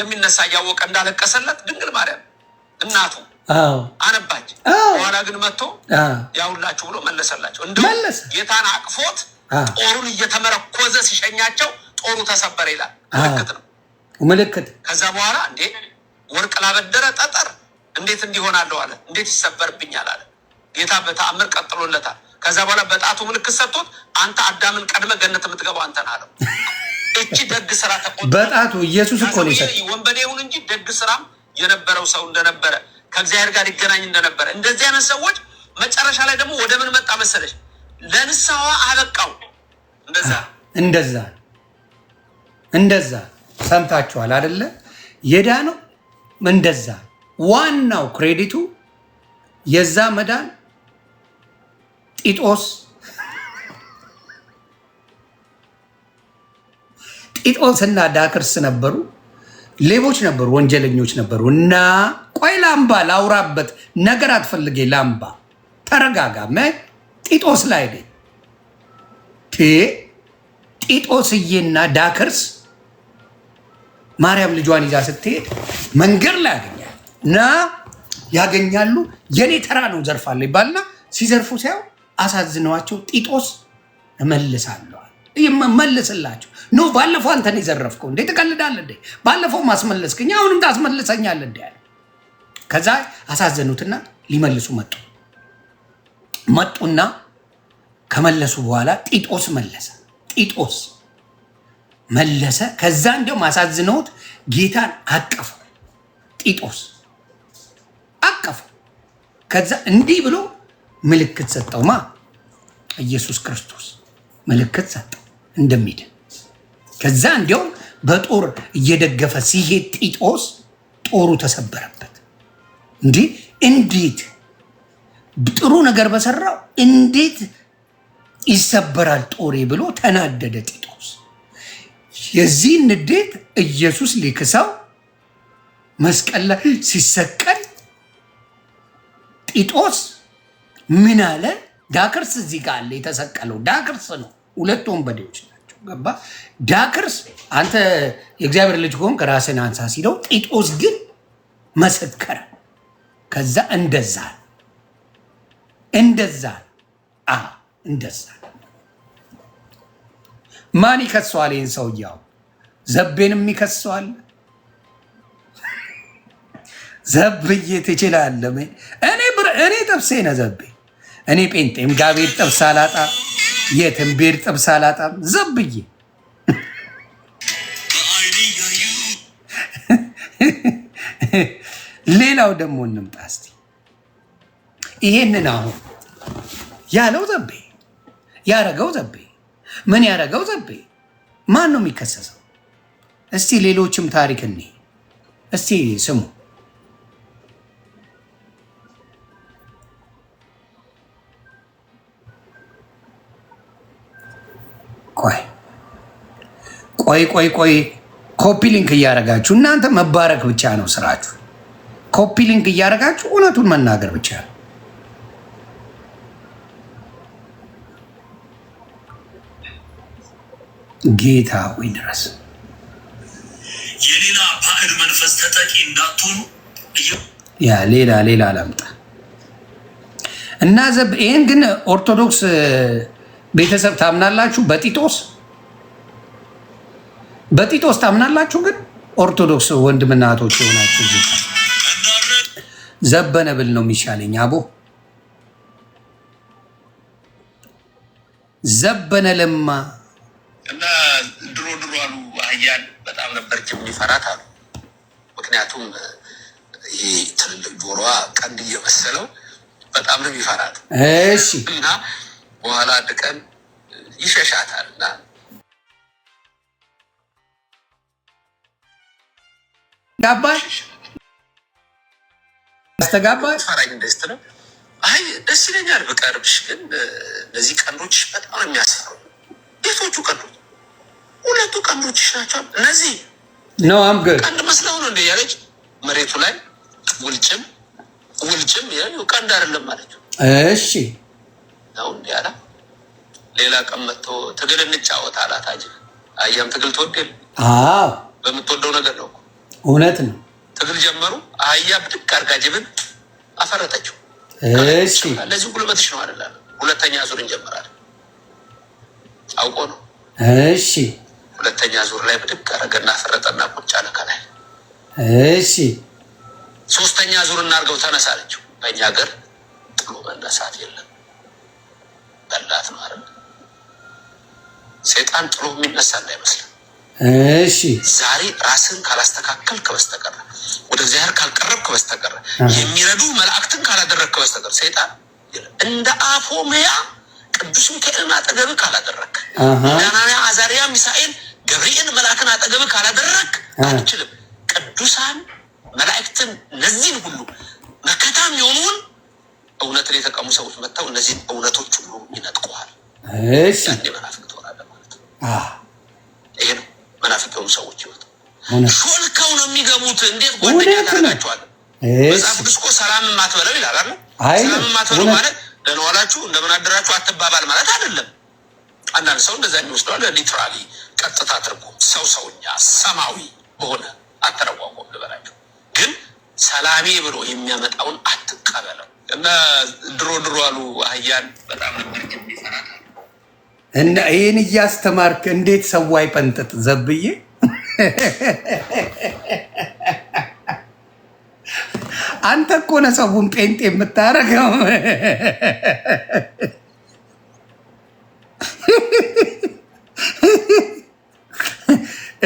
የሚነሳ እያወቀ እንዳለቀሰለት ድንግል ማርያም እናቱ አነባች። በኋላ ግን መጥቶ ያውላችሁ ብሎ መለሰላቸው። እንዲሁም ጌታን አቅፎት ጦሩን እየተመረኮዘ ሲሸኛቸው ጦሩ ተሰበረ ይላል። ምልክት ነው ምልክት። ከዛ በኋላ እንዴ ወርቅ ላበደረ ጠጠር እንዴት እንዲሆናለሁ አለ። እንዴት ይሰበርብኛል አለ። ጌታ በተአምር ቀጥሎለታል። ከዛ በኋላ በጣቱ ምልክት ሰጥቶት አንተ አዳምን ቀድመ ገነት የምትገባው አንተ አለው። እቺ ደግ ስራ በጣቱ ኢየሱስ እኮ ወንበዴ ይሁን እንጂ ደግ ስራም የነበረው ሰው እንደነበረ ከእግዚአብሔር ጋር ይገናኝ እንደነበረ እንደዚህ አይነት ሰዎች መጨረሻ ላይ ደግሞ ወደ ምን መጣ መሰለች? ለንስሐዋ አበቃው። እንደዛ እንደዛ እንደዛ ሰምታችኋል አደለ? የዳነው እንደዛ ዋናው ክሬዲቱ የዛ መዳን ጢጦስ እና ዳክርስ ነበሩ። ሌቦች ነበሩ፣ ወንጀለኞች ነበሩ። እና ቆይ ላምባ ላውራበት ነገር አትፈልጌ ላምባ ተረጋጋ። ጢጦስ ላይ ጢጦስዬና ዳክርስ ማርያም ልጇን ይዛ ስትሄድ መንገድ ላይ ያገኛል እና ያገኛሉ። የኔ ተራ ነው ዘርፋለ ይባልና ሲዘርፉ ሲያው አሳዝነዋቸው ጢጦስ እመልሳለዋል መልስላቸው ኖ ባለፈው አንተን የዘረፍከው እንዴ ትቀልዳለህ እንዴ ባለፈው ማስመለስክኝ አሁንም ታስመልሰኛለህ እንዴ ያለ ከዛ አሳዘኑትና ሊመልሱ መጡ መጡና ከመለሱ በኋላ ጢጦስ መለሰ ጢጦስ መለሰ ከዛ እንዲሁም አሳዝነውት ጌታን አቀፈ ጢጦስ አቀፈ ከዛ እንዲህ ብሎ ምልክት ማ ኢየሱስ ክርስቶስ ምልክት ሰጠው እንደሚድን። ከዛ እንዲያውም በጦር እየደገፈ ሲሄድ ጢጦስ ጦሩ ተሰበረበት። እንዲህ እንዴት ጥሩ ነገር በሰራው እንዴት ይሰበራል ጦሬ ብሎ ተናደደ ጢጦስ። የዚህ ንዴት ኢየሱስ ሊክሰው መስቀል ላይ ሲሰቀል ጢጦስ ምን አለ ዳክርስ እዚህ ጋር አለ የተሰቀለው ዳክርስ ነው። ሁለት ወንበዴዎች ናቸው። ገባ ዳክርስ አንተ የእግዚአብሔር ልጅ ከሆንክ ራስን አንሳ ሲለው፣ ጢጦስ ግን መሰከረ። ከዛ እንደዛ እንደዛ አ እንደዛ ማን ይከሰዋል? ይህን ሰውዬው ዘቤንም ይከሰዋል። ዘብዬ ትችላለህ። እኔ ጥብሴ ነህ ዘቤ እኔ ጴንጤም ጋቤር ጥብስ አላጣም፣ የትም ቤር ጥብስ አላጣም። ዘብዬ ሌላው ደግሞ እንምጣ እስኪ ይሄንን አሁን ያለው ዘቤ ያረገው ዘቤ ምን ያረገው ዘቤ ማን ነው የሚከሰሰው? እስቲ ሌሎችም ታሪክ እኔ እስቲ ስሙ። ቆይ ቆይ ቆይ ቆይ ኮፒ ሊንክ እያደረጋችሁ እናንተ መባረክ ብቻ ነው ስራችሁ። ኮፒ ሊንክ እያደረጋችሁ እውነቱን መናገር ብቻ ነው። ጌታ ሆይ ድረስ የሌላ ባዕድ መንፈስ ተጠቂ እንዳትሆኑ ያ ሌላ ሌላ አላምጣ እና ዘብ ይህን ግን ኦርቶዶክስ ቤተሰብ ታምናላችሁ? በጢጦስ በጢጦስ ታምናላችሁ? ግን ኦርቶዶክስ ወንድምና እህቶች የሆናችሁ ዘበነ ብል ነው የሚሻለኝ። አቦ ዘበነ ለማ እና ድሮ ድሮ አሉ አያል በጣም ነበር የሚፈራት አሉ። ምክንያቱም ይህ ትልልቅ ጆሮዋ ቀንድ እየመሰለው በጣም ነው የሚፈራት እና በኋላ አንድ ቀን ይሸሻታል እና ጋባሽ ነው። አይ ደስ ይለኛል በቀርብሽ፣ ግን እነዚህ ቀንዶች በጣም ነው የሚያስፈሩ። የቶቹ ቀንዶች? ሁለቱ ቀንዶችሽ ናቸው እነዚህ። ኖ አም ቀንድ መስለው ነው እንደ ያለች መሬቱ ላይ ውልጭም ውልጭም ቀንድ አይደለም ማለት ነው። እሺ ነው እንዲ አላ ሌላ ቀን መጥቶ ትግል እንጫወት አላት። አጅ አያም ትግል ትወድል በምትወደው ነገር ነው። እውነት ነው። ትግል ጀመሩ። አህያ ብድግ አርጋ ጅብን አፈረጠችው። ለዚህ ጉልበትሽ ነው አደላ። ሁለተኛ ዙር እንጀምራለን። አውቆ ነው። እሺ ሁለተኛ ዙር ላይ ብድግ አረገና አፈረጠና ቁጭ አለ ከላይ። እሺ ሶስተኛ ዙር እናርገው ተነሳለችው። በእኛ ሀገር ጥሎ መነሳት የለም በላት ነው አይደል? ሰይጣን ጥሎ የሚነሳ እንዳይመስል። እሺ ዛሬ ራስን ካላስተካከል ከበስተቀረ ወደ እግዚአብሔር ካልቀረብ ከበስተቀረ የሚረዱ መላእክትን ካላደረግ ከበስተቀረ ሰይጣን እንደ አፎ መያ ቅዱስ ሚካኤልን አጠገብህ ካላደረግ ዳናንያ፣ አዛሪያ፣ ሚሳኤል፣ ገብርኤል መላእክን አጠገብ ካላደረግ አልችልም። ቅዱሳን መላእክትን እነዚህን ሁሉ መከታም የሆኑን እውነትን የተቀሙ ሰዎች መጥተው እነዚህን እውነቶች ሁሉ ይነጥቀዋል። ያኔ መናፍቅ ትሆናለህ ማለት ነው። ይሄ ነው መናፍቅ የሆኑ ሰዎች ይወት ሾልከው ነው የሚገቡት። እንዴት ጓደኛ ታደርጋቸዋለህ? መጽሐፍ ቅዱስ እኮ ሰላም የማትበለው ይላል አለ። ሰላም የማትበለው ማለት ደህና ዋላችሁ እንደምን አደራችሁ አትባባል ማለት አይደለም። አንዳንድ ሰው እንደዛ የሚወስደዋል። ሊትራሊ ቀጥታ ትርጉም ሰው ሰውኛ ሰማዊ በሆነ አተረጓጎም ልበላቸው። ግን ሰላሜ ብሎ የሚያመጣውን አትቀበለው። እና ድሮ ድሮ አሉ አህያን በጣም ነበር እና ይህን እያስተማርክ እንዴት ሰው አይፈንጥጥ ዘብዬ አንተ እኮ ነው ሰውን ጴንጤ የምታደርገው።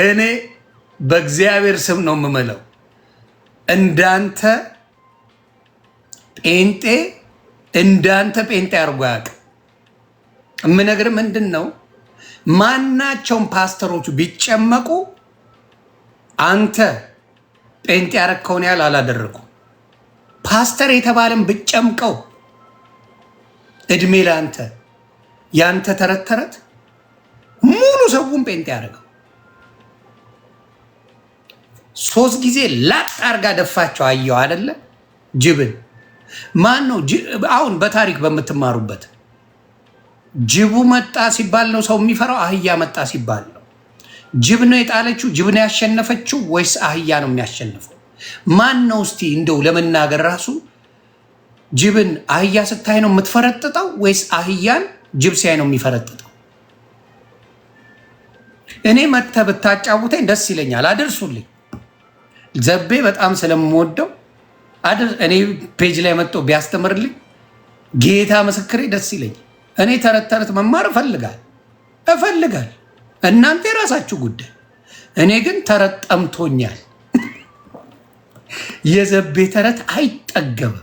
እኔ በእግዚአብሔር ስም ነው የምምለው እንዳንተ ጴንጤ እንዳንተ ጴንጤ አድርጎ አያውቅም። የምነግር ምንድን ነው ማናቸውም ፓስተሮቹ ቢጨመቁ አንተ ጴንጤ ያረከውን ያህል አላደረኩም። ፓስተር የተባለን ብጨምቀው እድሜ ለአንተ ያንተ ተረት ተረት ሙሉ ሰውን ጴንጤ ያደረገው ሶስት ጊዜ ላጥ አርጋ ደፋቸው። አየው አደለ ጅብን ማን ነው? አሁን በታሪክ በምትማሩበት ጅቡ መጣ ሲባል ነው ሰው የሚፈራው? አህያ መጣ ሲባል ነው? ጅብ ነው የጣለችው? ጅብ ነው ያሸነፈችው? ወይስ አህያ ነው የሚያሸንፈው? ማን ነው እስቲ እንደው ለመናገር ራሱ ጅብን አህያ ስታይ ነው የምትፈረጥጠው? ወይስ አህያን ጅብ ሲያይ ነው የሚፈረጥጠው? እኔ መተ ብታጫውተኝ ደስ ይለኛል። አደርሱልኝ ዘቤ በጣም ስለምወደው እኔ ፔጅ ላይ መጥቶ ቢያስተምርልኝ ጌታ ምስክሬ ደስ ይለኝ። እኔ ተረት ተረት መማር እፈልጋል እፈልጋል። እናንተ የራሳችሁ ጉዳይ። እኔ ግን ተረት ጠምቶኛል። የዘቤ ተረት አይጠገብም።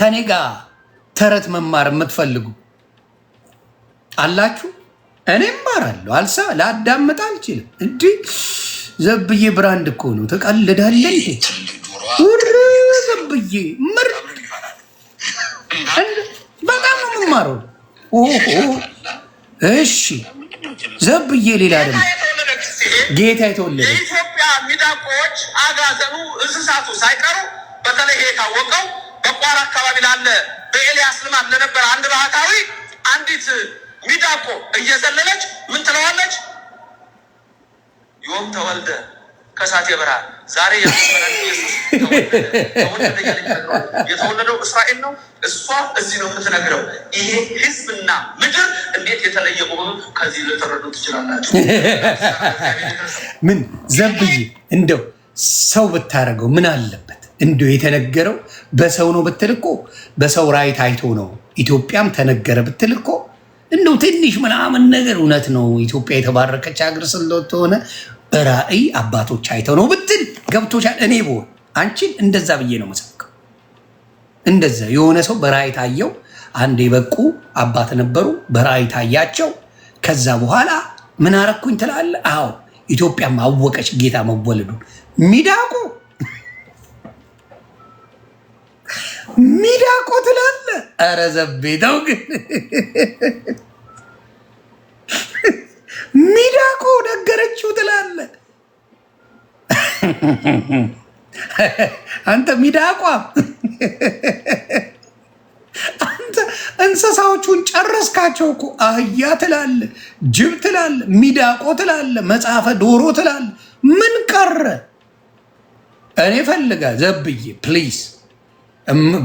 ከኔ ጋር ተረት መማር የምትፈልጉ አላችሁ? እኔ እማራለሁ። አልሳ ላዳምጥ አልችልም። እንዲህ ዘብዬ ብራንድ እኮ ነው። ተቀልዳለ ውርብዬ ምር በጣም ነው የምማረው። እሺ ዘብዬ ሌላ ደግሞ ጌታ የተወለደ የኢትዮጵያ ሚዳቆዎች አጋዘኑ እንስሳቱ ሳይቀሩ በተለይ የታወቀው በቋራ አካባቢ ላለ በኤልያስ ልማት ለነበረ አንድ ባህታዊ አንዲት ሚዳቆ እየዘለለች ምን ትለዋለች? ዮም ተወልደ ከሳቴ ብርሃን ዛሬ የተወለደው እስራኤል ነው። እሷ እዚህ ነው የምትነግረው። ይሄ ህዝብና ምድር እንዴት የተለየ መሆኑ ከዚህ ልትረዱ ትችላላችሁ። ምን ዘብዬ እንደው ሰው ብታደርገው ምን አለበት? እንደ የተነገረው በሰው ነው ብትል እኮ በሰው ራይ ታይቶ ነው። ኢትዮጵያም ተነገረ ብትል እኮ እንደው ትንሽ ምናምን ነገር እውነት ነው። ኢትዮጵያ የተባረከች ሀገር ስለሆነ በራእይ አባቶች አይተው ነው ብትል ገብቶሻል? እኔ ብሆን አንቺን እንደዛ ብዬ ነው መሰብከው። እንደዛ የሆነ ሰው በራእይ ታየው። አንድ የበቁ አባት ነበሩ፣ በራእይ ታያቸው። ከዛ በኋላ ምን አረኩኝ ትላለ። አዎ ኢትዮጵያ አወቀች ጌታ መወለዱ። ሚዳቁ ሚዳቆ ትላለ። ኧረ ግን ሚዳቆ ነገረችው ትላለ። አንተ ሚዳቋ አንተ እንስሳዎቹን ጨረስካቸው እኮ። አህያ ትላለ፣ ጅብ ትላለ፣ ሚዳቆ ትላለ፣ መጽሐፈ ዶሮ ትላለ። ምን ቀረ? እኔ ፈልጋ ዘብዬ ፕሊዝ፣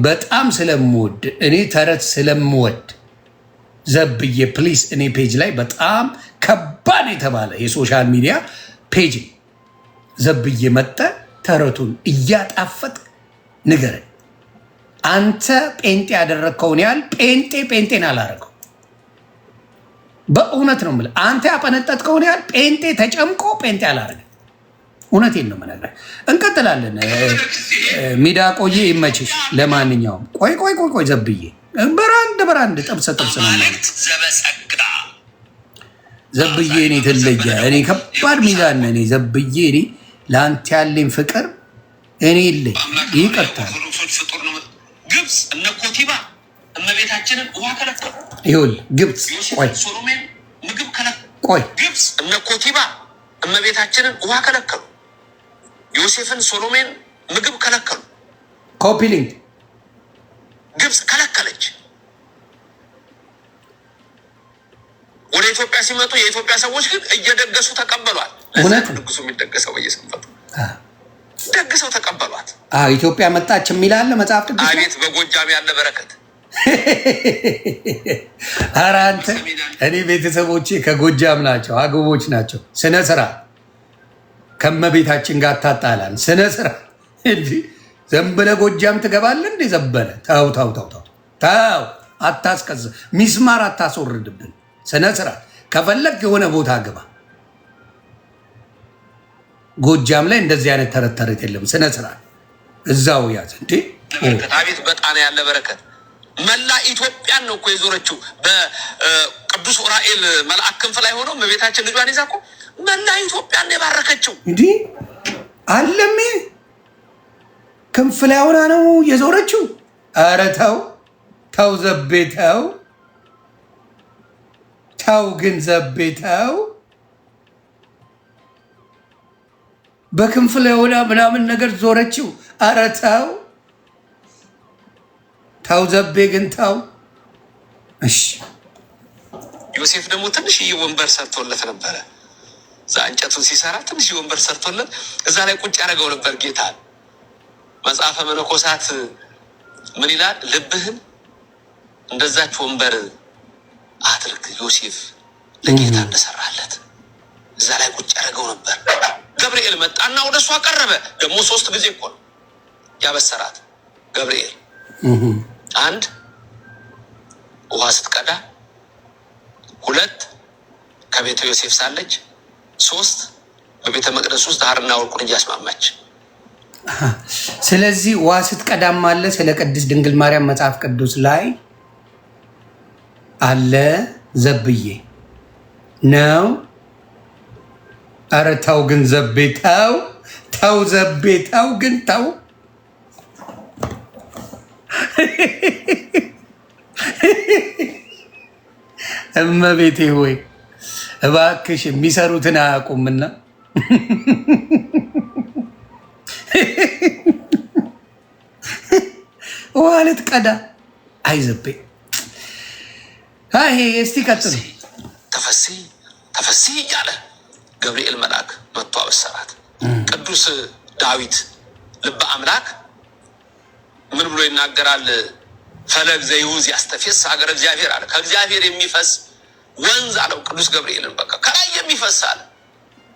በጣም ስለምወድ እኔ ተረት ስለምወድ ዘብዬ ፕሊስ፣ እኔ ፔጅ ላይ በጣም ከባድ የተባለ የሶሻል ሚዲያ ፔጅ ዘብዬ መጠ ተረቱን እያጣፈጥ ንገረን። አንተ ጴንጤ ያደረግከውን ያህል ጴንጤ ጴንጤን አላረገው። በእውነት ነው የምልህ። አንተ ያጠነጠጥከውን ያህል ጴንጤ ተጨምቆ ጴንጤ አላረገ። እውነቴን ነው የምነግርህ። እንቀጥላለን። ሚዳ ሚዳቆዬ ይመችሽ። ለማንኛውም ቆይ ቆይ ቆይ ቆይ ዘብዬ በራንድ በራንድ ጥብሰ ጥብስ ዘብዬ። እኔ ትለያ እኔ ከባድ ሚዛን እኔ ዘብዬ እኔ ለአንተ ያለኝ ፍቅር እኔ የለኝ ይቅርታ ግብፅ እነ ኮቲባ እመቤታችንን ውሃ ከለከሉ። ይኸውልህ ግብፅ ቆይ ምግብ ከለከሉ። ቆይ ግብፅ እነ ኮቲባ እመቤታችንን ውሃ ከለከሉ። ዮሴፍን ሶሎሜን ምግብ ከለከሉ። ኮፒሊንግ ግብፅ ወደ ኢትዮጵያ ሲመጡ የኢትዮጵያ ሰዎች ግን እየደገሱ ተቀበሏል። እውነት ድግሱ የሚደገሰው እየሰንበቱ ደግሰው ተቀበሏት። ኢትዮጵያ መጣች የሚላለ መጽሐፍ ቅዱስ። አቤት በጎጃም ያለ በረከት ኧረ አንተ እኔ ቤተሰቦቼ ከጎጃም ናቸው፣ አገቦች ናቸው። ስነ ስራ ከመቤታችን ጋር ታጣላን። ስነ ስራ እንጂ ዝም ጎጃም ትገባለ እንዴ? ዘበነ ተው ተው ተው ተው፣ አታስቀዝ፣ ሚስማር አታስወርድብን። ስነ ስርዓት ከፈለግ የሆነ ቦታ ግባ። ጎጃም ላይ እንደዚህ አይነት ተረት ተረት የለም። ስነ ስርዓት እዛው ያዝ። እንዴ ቤት በጣም ያለ በረከት መላ ኢትዮጵያን ነው እኮ የዞረችው። በቅዱስ ዑራኤል መልአክ ክንፍ ላይ ሆኖ እመቤታችን ልጇን ይዛ እኮ መላ ኢትዮጵያን ነው የባረከችው። እንዲህ አለሜ ክንፍ ላይ ሆና ነው የዞረችው። ኧረ ተው ተው ዘቤ ተው። ተው ግን ዘቤ ተው በክንፍ ላይ ሆና ምናምን ነገር ዞረችው። አረ ተው ተው ዘቤ ግን ተው። እሺ ዮሴፍ ደግሞ ትንሽዬ ወንበር ሰርቶለት ነበረ። እዛ እንጨቱን ሲሰራ ትንሽዬ ወንበር ሰርቶለት እዛ ላይ ቁጭ ያደረገው ነበር ጌታ። መጽሐፈ መነኮሳት ምን ይላል? ልብህን እንደዛች ወንበር አድርግ ዮሴፍ ለጌታ እንደሰራለት እዛ ላይ ቁጭ ያደረገው ነበር። ገብርኤል መጣና ወደ እሷ ቀረበ። ደግሞ ሶስት ጊዜ እኮ ነው ያበሰራት ገብርኤል። አንድ ውሃ ስትቀዳ፣ ሁለት ከቤተ ዮሴፍ ሳለች፣ ሶስት በቤተ መቅደስ ውስጥ ሐርና ወርቁን እያስማማች። ስለዚህ ውሃ ስትቀዳም አለ ስለ ቅድስት ድንግል ማርያም መጽሐፍ ቅዱስ ላይ አለ ዘብዬ ነው። ኧረ ተው ግን ዘቤ ተው ተው ዘቤ ተው ግን ተው። እመቤቴ ሆይ እባክሽ የሚሰሩትን አያውቁምና ዋለት ቀዳ አይዘቤ ይሄ እስቲ ቀጥል። ተፈሴ ተፈሴ እያለ ገብርኤል መልአክ መጥቶ አበሰራት። ቅዱስ ዳዊት ልበ አምላክ ምን ብሎ ይናገራል? ፈለግ ዘይሁዝ ያስተፌስ ሀገር እግዚአብሔር አለ። ከእግዚአብሔር የሚፈስ ወንዝ አለው ቅዱስ ገብርኤልን። በቃ ከላይ የሚፈስ አለ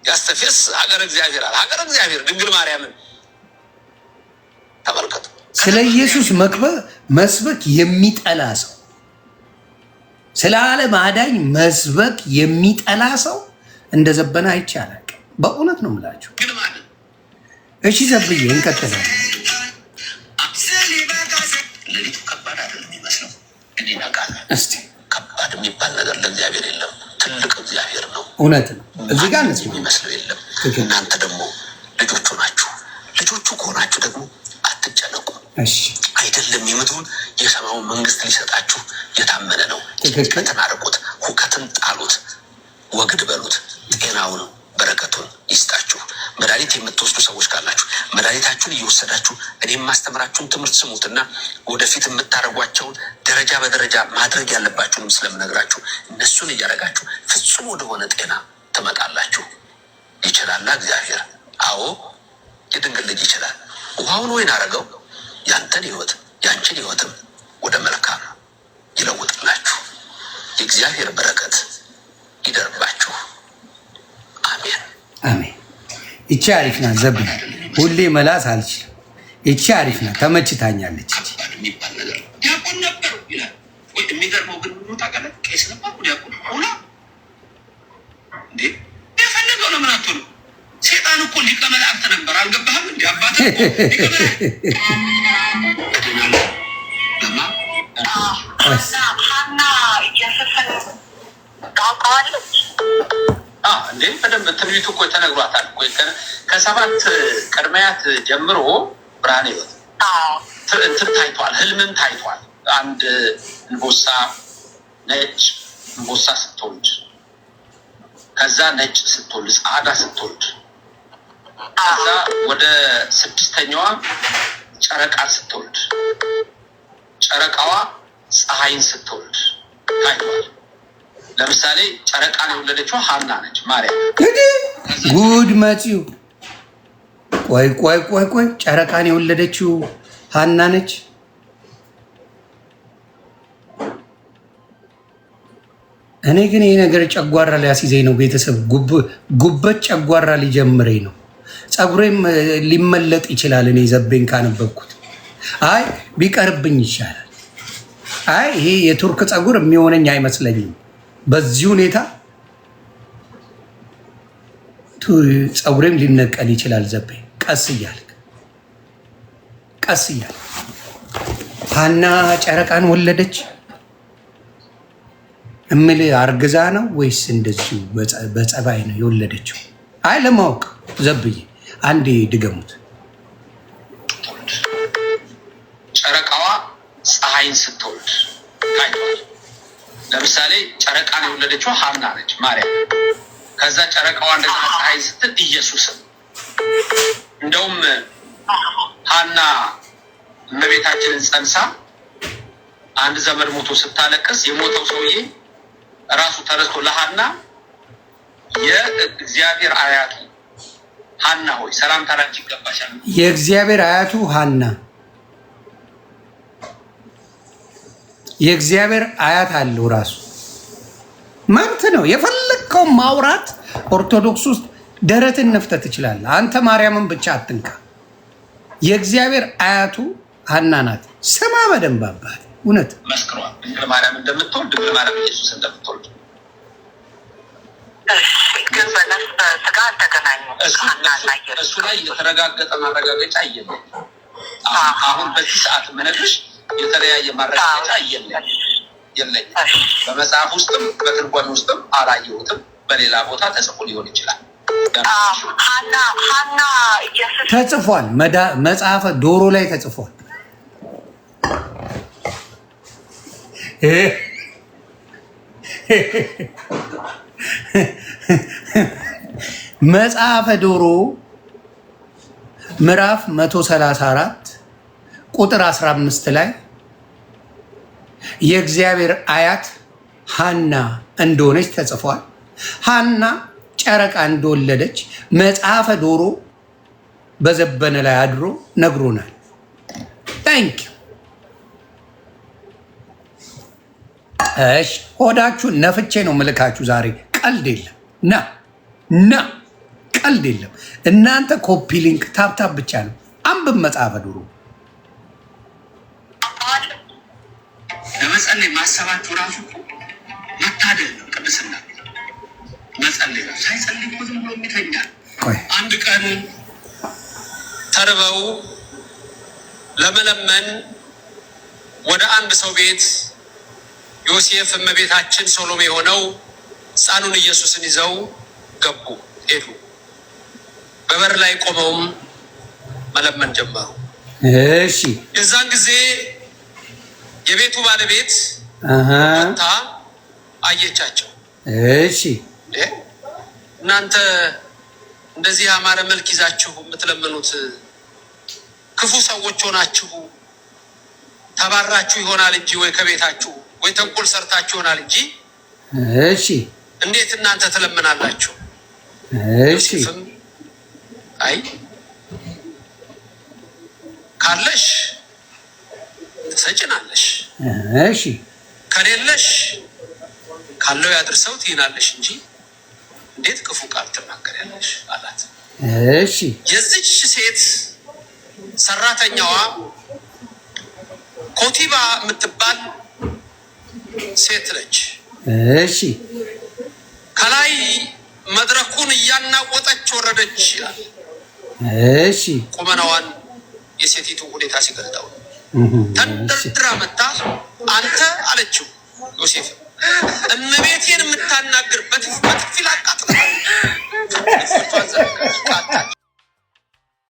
ያስተፌስ ሀገር እግዚአብሔር አለ። ሀገር እግዚአብሔር ድንግል ማርያምን ተመልከቱ። ስለ ኢየሱስ መስበክ የሚጠላ ሰው ስለ ዓለም አዳኝ መስበክ የሚጠላ ሰው እንደ ዘበነ አይቻላል። በእውነት ነው የምላችሁ። እሺ ዘብዬ እንቀጥላለን። እስኪ ከባድ የሚባል ነገር ለእግዚአብሔር የለም። ትልቅ እግዚአብሔር ነው። እውነት ነው። እዚህ ጋር የሚመስለው የለም። እናንተ ደግሞ ልጆቹ ናችሁ። ልጆቹ ከሆናችሁ ደግሞ አትጨነቁ። አይደለም የምድሩን የሰማዩን መንግስት ሊሰጣችሁ የታመነ ነው። ጭንቀትን አርቁት፣ ሁከትን ጣሉት፣ ወግድ በሉት፣ ጤናውን በረከቱን ይስጣችሁ። መድኃኒት የምትወስዱ ሰዎች ካላችሁ መድኃኒታችሁን እየወሰዳችሁ እኔ የማስተምራችሁን ትምህርት ስሙትና ወደፊት የምታደርጓቸውን ደረጃ በደረጃ ማድረግ ያለባችሁንም ስለምነግራችሁ እነሱን እያደረጋችሁ ፍጹም ወደሆነ ጤና ትመጣላችሁ። ይችላላ እግዚአብሔር። አዎ የድንግል ልጅ ይችላል። ውሃውን ወይን አረገው ያንተን ህይወት ያንችን ህይወትም ወደ መልካም ይለውጥላችሁ። የእግዚአብሔር በረከት ይደርባችሁ። አሜን አሜን። ይቺ አሪፍ ናት። ዘብ ሁሌ መላስ አልችልም። ይቺ አሪፍ ናት፣ ተመችታኛለች። ዲያቆን ነበሩ ይላል። የሚገርመው ግን ምን ታውቃለህ? ቄስ ነበር ዲያቆን ሁላ እንዴ የፈለገው ነው ምን ነው ሴጣን እኮ ሊቀ መላእክት ነበር። አልገባህም? እንዲ አባት እንዴ በደንብ ትንቢቱ እኮ ተነግሯታል። ከሰባት ቅድሚያት ጀምሮ ብርሃን ህይወት እንትን ታይቷል፣ ህልምም ታይቷል። አንድ እንቦሳ ነጭ እንቦሳ ስትወልድ ከዛ ነጭ ስትወልድ ጸዓዳ ስትወልድ ከዛ ወደ ስድስተኛዋ ጨረቃ ስትወልድ ጨረቃዋ ፀሐይን ስትወልድ ታይቷል። ለምሳሌ ጨረቃን የወለደችው ሀና ነች፣ ማርያም ጉድ መጪው። ቆይ ቆይ ቆይ ቆይ ጨረቃን የወለደችው ሀና ነች። እኔ ግን ይህ ነገር ጨጓራ ሊያስይዘኝ ነው። ቤተሰብ ጉበት ጨጓራ ሊጀምረኝ ነው። ፀጉሬም ሊመለጥ ይችላል። እኔ ዘቤን ካነበብኩት አይ ቢቀርብኝ ይሻላል። አይ ይሄ የቱርክ ፀጉር የሚሆነኝ አይመስለኝም። በዚህ ሁኔታ ፀጉሬም ሊነቀል ይችላል። ዘቤ ቀስ እያል ቀስ እያል ሀና ጨረቃን ወለደች እምል አርግዛ ነው ወይስ እንደዚሁ በፀባይ ነው የወለደችው? አይ ለማወቅ ዘብዬ አንዴ ድገሙት። ጨረቃዋ ፀሐይን ስትወልድ ታይቷል። ለምሳሌ ጨረቃን የወለደችው ሀና ነች ማርያም። ከዛ ጨረቃዋ እንደዚ ፀሐይን ስትል ኢየሱስን እንደውም ሀና እመቤታችንን ፀንሳ አንድ ዘመድ ሞቶ ስታለቅስ የሞተው ሰውዬ ራሱ ተረስቶ ለሀና የእግዚአብሔር አያቱ ሀና ሆይ ሰላምታ ላንቺ ይገባሻል። የእግዚአብሔር አያቱ ሀና የእግዚአብሔር አያት አለው ራሱ መብት ነው። የፈለግከው ማውራት ኦርቶዶክስ ውስጥ ደረትን ነፍተህ ትችላለህ። አንተ ማርያምን ብቻ አትንካ። የእግዚአብሔር አያቱ ሀና ናት። ስማ በደንብ አባት እውነት መስክሯል። ድንግል ማርያም እንደምትወልድ ድንግል ማርያም ኢየሱስ እንደምትወልድ እሱ ላይ የተረጋገጠ ማረጋገጫ የለም። አሁን በዚህ ሰዓት ምንልሽ የተለያየ ማረጋገጫ የለም የለኝም። በመጽሐፍ ውስጥም በትርጓሜ ውስጥም አላየሁትም። በሌላ ቦታ ተጽፎ ሊሆን ይችላል። ተጽፏል። መጽሐፈ ዶሮ ላይ ተጽፏል። መጽሐፈ ዶሮ ምዕራፍ 134 ቁጥር 15 ላይ የእግዚአብሔር አያት ሃና እንደሆነች ተጽፏል። ሃና ጨረቃ እንደወለደች መጽሐፈ ዶሮ በዘበነ ላይ አድሮ ነግሮናል። ታንክ እሺ፣ ሆዳችሁን ነፍቼ ነው ምልካችሁ ዛሬ ቀልድ የለም። ና ና ቀልድ የለም። እናንተ ኮፒ ሊንክ ታብታብ ብቻ ነው። አንብ መጽሐፈ ድሮ ለመጸለይ ማሰባችሁ ራሱ መታደል ነው። ቅድስና መጸለይ ነው። ሳይጸልይ እኮ ዝም ብሎ የሚተኛል። አንድ ቀን ተርበው ለመለመን ወደ አንድ ሰው ቤት ዮሴፍ እመቤታችን ሶሎሜ ሆነው ሕፃኑን ኢየሱስን ይዘው ገቡ ሄዱ። በበር ላይ ቆመውም መለመን ጀመሩ። እሺ የዛን ጊዜ የቤቱ ባለቤት ታ አየቻቸው። እሺ እናንተ እንደዚህ ያማረ መልክ ይዛችሁ የምትለምኑት ክፉ ሰዎች ሆናችሁ ተባራችሁ ይሆናል እንጂ ወይ ከቤታችሁ ወይ ተንኮል ሰርታችሁ ይሆናል እንጂ እሺ እንዴት እናንተ ትለምናላችሁ? እሺ አይ ካለሽ ትሰጭናለሽ፣ ከሌለሽ ካለው ያድርሰው ትይናለሽ እንጂ እንዴት ክፉ ቃል ትናገሪያለሽ? አላት። የዚች ሴት ሰራተኛዋ ኮቲባ የምትባል ሴት ነች። ከላይ መድረኩን እያናወጠች ወረደች ይላል። እሺ ቁመናዋን የሴቲቱ ሁኔታ ሲገልጠው ተንደርድራ መታ አንተ አለችው ዮሴፍ እመቤቴን የምታናግር በትፊል አቃጥላል።